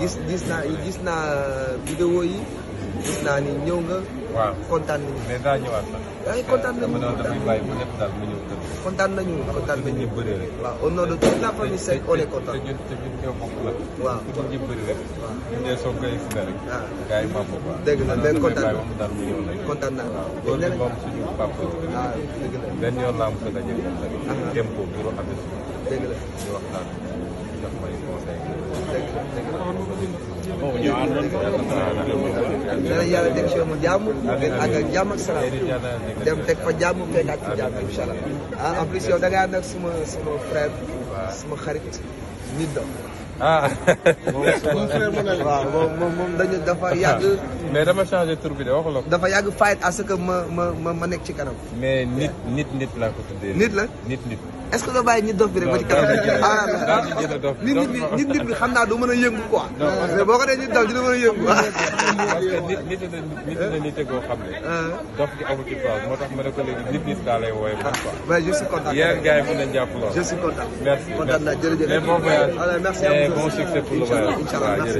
gis gis naa gis naa vidéo yi gis naa ni ñëw nga. waaw kontaan nañu. mais daa ñëwaat sax. ay kontaan nañu dama doon dafay bàyyi bu nekk daal mu ñëw dëgg. kontaan nañu kontaan nañu ñu bëri rek. waaw au nom de toute la famille Seck on est content. te ñun te ñun ñoo bokk la. waaw pour ñu bëri rek. waaw ñu ne soog koy gis nga rek. waaw ah. gars yi maa bokk waaw. dëgg la mais kontaan daal mu ñëw rek. kontaan naa waaw loolu moom suñu papa la. waaw ah, dëgg la benn yoon laa am sa daje moom rek. tempo bu rafet. dëgg la ñu waxtaan ndax may conseil dana yàlla def si ma jàmm ak ak jàmm ak salaam dem teg fa jàmm fekkaat ci jàmm incha allah ah en plus yow da ngaa nag suma suma frère suma xarit nit dox ah waaw moom moom moom dañu dafa yàgg. mais dama changé tur bi de waxu la ko. dafa yàgg fight à ce que ma ma ma nekk ci kanam. mais nit nit nit laa ko tuddee. nit la nit nit. est-ce que doo bàyyi ñu dof bi rek ba ci nit nit bi xam naa du mën a yëngu quoi. boo ko dee nit dof dina mën a yëngu. nit nit nit na nit koo xam ne. dof gi moo tax ma ne ko léegi nit nit daa lay wooyee man quoi. waaye je suis content yéen gars yi mën nañu jàpp lool. je suis content merci merci kontaan naa jërëjëf. mais bon voyage.